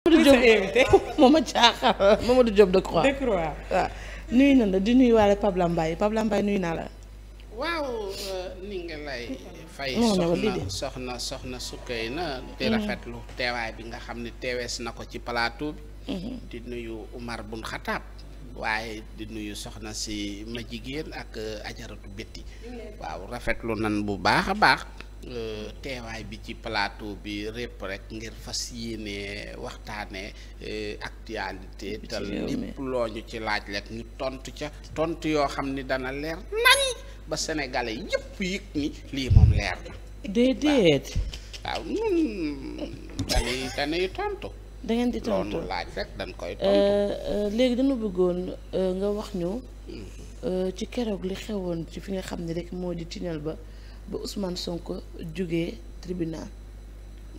Mamadou Diop invité moom a caaxal Mamadou Diop Decroix Decroix waaw nuyu la di nuyu waale Pape Lambaye Pape nuyu naa la waaw euh, ni nga lay fay soxna soxna soxna sukkay na mm-hmm. di teewaay bi nga xam ne teewees na ko ci palaatu mm-hmm. di nuyu Umar bun Xataab waaye di nuyu soxna si ma jigéen ak euh, ajaratu bétti mm-hmm. waaw rafetlu nan bu baax a baax Euh, teewaay bi ci plateau bi répp rek ngir fas yéene waxtaane euh, actualité te lépp loo ñu ci laaj rek ñu tontu ca tontu yoo xam ni dana leer nañ ba sénégalais yëpp yëg ni lii moom leer na déedéet waaw ñun dañuy dañuy tontu da di tontu loolu laaj rek dañ koy euh, léegi dañu bëggoon nga wax ñu mm-hmm. ci keroog li xewoon ci fi nga xam ne rek moo di tunnel ba ba Ousmane Sonko jugee tribunal.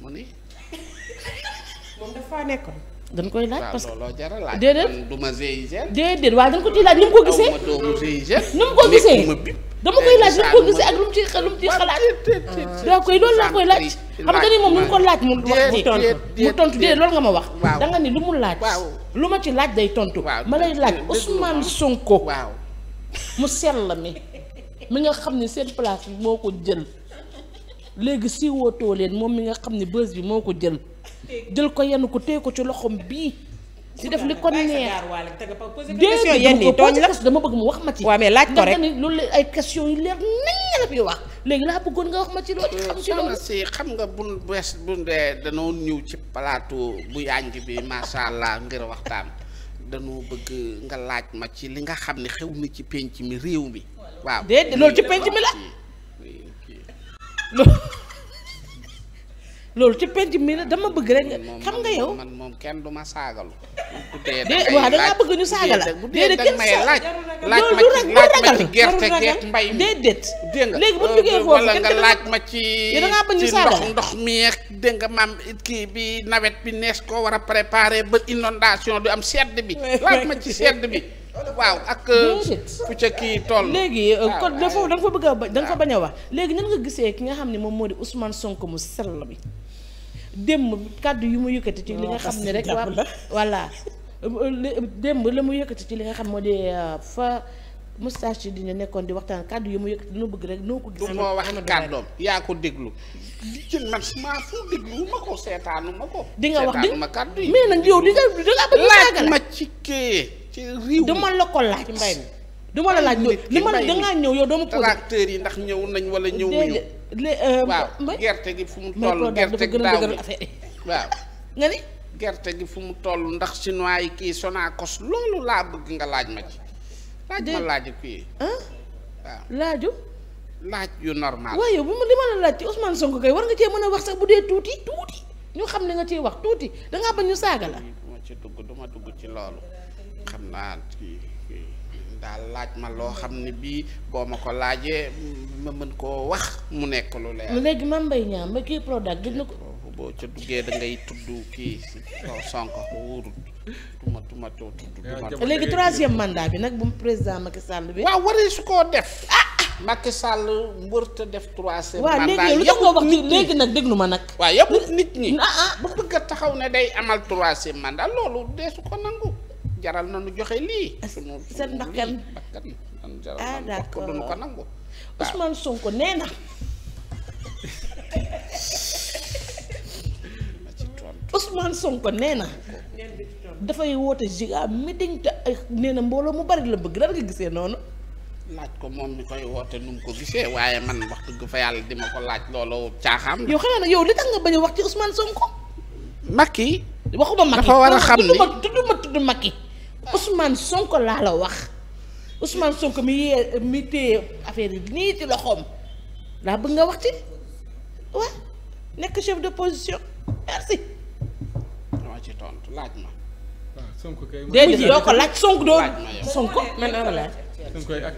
mu ni. moom dafa koy laaj parce que looloo déedéet ma GIGN. déedéet waaye dañ ko ciy laaj ni mu ko gisee. ni mu ko gisee. dama koy laaj ni mu ko gisee ak lu mu ci lu mu ci xalaat. daa koy loolu laa koy laaj. xam nga ni moom lu mu ko laaj mu wax mu tontu mu tontu déedéet loolu nga ma wax. da ni lu mu laaj. lu ma ci laaj day tontu. ma lay laaj Ousmane Sonko. mu sell mi. mi nga xam ne seen place bi moo ko jël léegi si wootoo leen moom mi nga xam ne bës bi moo ko jël jël ko yenn ko téye ko ci loxoom bii di def li ko neex déedéet ko pose dama bëgg mu wax ma ci waaw mais laaj ko rek ni ay question yu leer nañ la fi wax léegi laa bëggoon nga wax ma ci loolu xam ci loolu xam nga bu bees bun dee danoo ñëw ci plateau bu yànj bi macha allah ngir waxtaan danoo bëgg nga laaj ma ci li nga xam ni xew na ci pénc mi réew mi waaw déedéet loolu ci penc mi la. loolu ci penc mi la dama bëgg rek xam nga yow. man moom kenn du ma saagalu. de waaw da déedéet kenn laaj laaj ma ci laaj ma ci gerte mbay mi déedéet. dégg léegi bu duggee foofu wala nga laaj ma ci. da bëgg ñu saaga ndox mi ak dégg nga maam kii bi nawet bi nees koo war a préparer ba inondation du am sedd bi. laaj ma ci sedd bi. waaw ak. Euh, fu ca kii toll. léegi euh, kon dafa da nga fa bëgg a da nga fa bañ a wax léegi nan nga gisee ki nga xam ne moom moo di Ousmane Sonko mu sell bi démb kàddu yi mu yëkkati ci li nga oh, xam ne rek waa voilà démb la mu yëkkati ci li nga xam moo di euh, fa. moustache yi dina nekkoon di waxtaan kàddu yi mu yëg dina rek noo ko gis du ma wax kàddoom yaa ko déglu li ci nag ma ko seetaanu ma ko di nga wax di ma kàddu yi mais nag yow ma ci ci réew dama la ko laaj ci mbay mi duma la laaj li ma la dangaa ñëw yow dama posé tracteurs yi ndax ñëw nañ wala ñëw ñu euh, waaw gerte gi fu mu toll gerte gi daaw waaw nga ni gerte gi fu mu toll ndax chinois yi kii Sonacos loolu laa bëgg nga laaj ma ci laaj ma laaj kii waaw laaju laaj yu normal waaye bu li ma la laaj ci Ousmane Sonko kay war nga cee mën a wax sax bu dee tuuti tuuti ñu xam ne nga ciy wax tuuti dangaa ba ñu saaga la duma ci dugg duma dugg ci loolu xam naa daal laaj ma loo xam ne bii boo ma ko laajee ma mën koo wax mu nekk lu leer. léegi Mame Mbaye Niang ba kii Prodac gis na ko. boo ca duggee da ngay tudd kii Sonko wóorul tuma tuma too tudd. léegi troisième mandat bi nag bu président Macky sàll bi. waaw waree su koo def. ah Macky sàll mbërta def troisième. mandat déglu ma nag. waaw ah, ah. taxaw ne day amal loolu dee su ko nangu. jaral na nu joxe lii. sunu seen bakkan bakkan jaral ah d'accord duñu ko nangu. Ousmane Sonko nee na. Ousmane Sonko nee na. dafay woote mi meeting te nee na mbooloo mu bari la bëgg lan nga gisee noonu. laaj ko moom mi koy woote nu mu ko gisee waaye man wax dëgg fa yàlla di ma ko laaj loolu caaxaam. yow xanaa nag yow li tax nga bañ wax ci Ousmane Sonko. Macky. waxuma Macky dafa war a xam ni tudduma tudd Macky. Ousmane Sonko laa la wax Ousmane Sonko mi yee mi téye affaire yi nii ti loxoom laa bëgg nga wax ci waa nekk chef d'opposition merci. dama ci laaj ma. waaw ah, Sonko kay. déedéet doo ko laaj man naa la laaj. Sonko ay a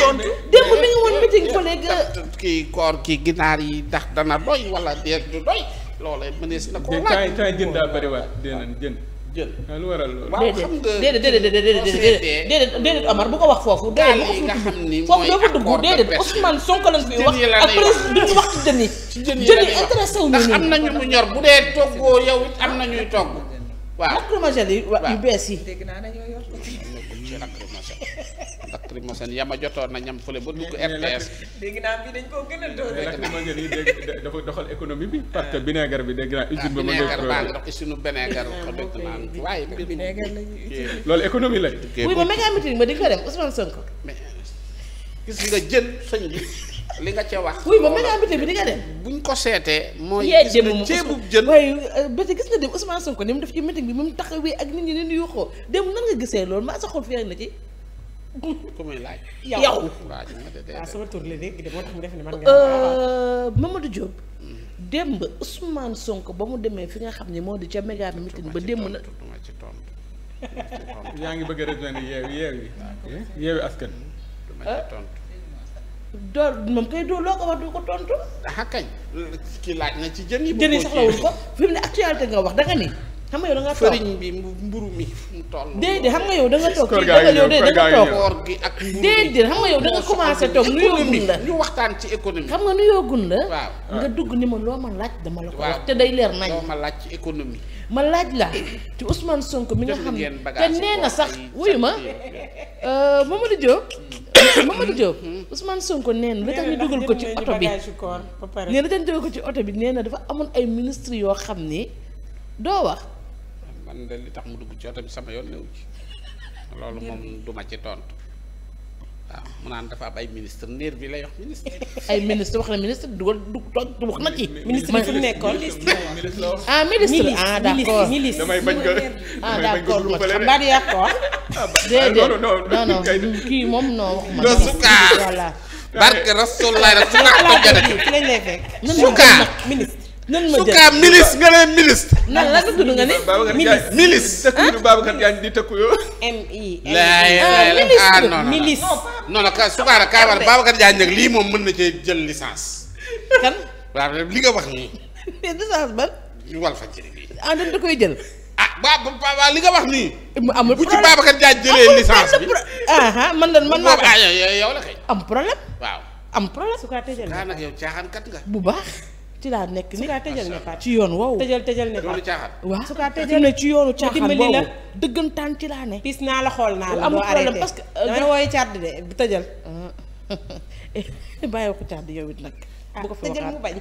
tontu démb ngi woon meeting collègue. kii koor kii ginaar yi ndax dana doy wala déet du doy. loolee mënees na. koo laaj temps temps jën daa bëriwaat déedéet jën. jën ah, lu waral loolu. waaw xam nga déedéet déedéet déedéet Amar bu ko wax foofu. déedéet bu ko fi dugg foofu doo ko dugg déedéet Ousmane Sonko lañ fi wax après duñu wax ci jën yi. jën yi intéressé ñu ndax am na ñu mu ñor bu dee toggoo yow am na ñuy togg waaw lacrymogène yi yu bees yi. dégg naa dañoo yor ko ci lacrymogène. lacrymogène yama jotoon na ñam fële ba dugg RTS. dégg naa bi dañ koo gën a doxal économie bi. parce que vinaigre bi dégg naa usine ba ma dégg. vinaigre baa ah, loolu économie la. kii boobu oui ko dem Ousmane Sonko. mais gis nga jën sëñ bi. li nga ca wax. wuy ba méga bité bi di nga dem. buñ ko seetee. mooy gis nga ceebub jën waaye euh, bété gis nga dem Ousmane Sonko ni mu def ci meeting bi mu taxawee ak nit ñi leen yuuxoo dem nan nga gisee loolu maa sa xol feeñ na ci. ku muy laaj. yow waaw sama tur la dégg de moo tax mu def ne man nga. Euh, Mamadou Diop. Mm. démb Ousmane Sonko ba mu demee fi nga xam ne moo di ca méga bi meeting ba démb na. yaa ngi bëgg a rejoindre yeewi yeewi yeewi askan. du doo moom kay doo loo ko wax doo ko tontu. ah kañ kii laaj na ci jën yi. jën yi soxlawul ko fi mu ne actualité nga wax danga ni. xam nga yow da nga toog fariñ bi mi fu mu toll. da nga toog kii da nga da nga gi ak mburu déedéet xam nga yow da nga commencé toog nuyoo gun la xam nga nuyoo gun la. waaw nga dugg ni ma loo ma laaj dama la ko wax. te day leer nañ ma laaj ci économie. ma laaj la ci Ousmane sonk mi nga xam ne te nee na sax wuyu ma euh, Mamadou Diop. Hmm. Mamadou Diop Ousmane Sonko nee na li tax ñu dugal ko ci oto bi nee na li tax ñu dugal ko ci oto bi nee na dafa amoon ay ministre yoo xam ni doo wax. man de li tax mu dugg ci oto sama yoon newu loolu moom duma ci tontu. waaw mu naan dafa am ay ministre néer bi lay wax ministre. ay ministre wax na ministre dugal du du wax na ci. ministre bi fu mu nekkoon ah ministre ah d' accord ministre ma ah, xam naa di yàq wax. Ah, déedéet ah, non non kii moom non waxuma. non suka barke rasulilah rek suka ak su kaa ministre nga ne ministre. nan la nga tudd nga ne. ministre ministre tëkkuñu Babacar Diagne di tëkku yoo. Ah, mi ah, kaa nag kaa war lii moom mën na cee jël licence. kan waaw li nga wax nii. mais licence ban. ñu wal fa jëlee nii. ah jël. ah waaw li nga wax nii. amul bu ci Babacar Diagne jëlee licence bi. Ah, ah man lan man maa ko yow la kay. am problème waaw am problème. su kaa tëjee nag yow nga bu baax. ci laa nekk ni ci yoon woowu tëjal tëjal ne waaw su kaa tëjal ne ci yoonu caaxaan boobu dëggantaan ci laa ne pis naa la xool naa la amul problème parce que a wooy càdd de bu tëjal bàyyi ko càdd yow it nag ah, bu ko fi waxaat mu bañ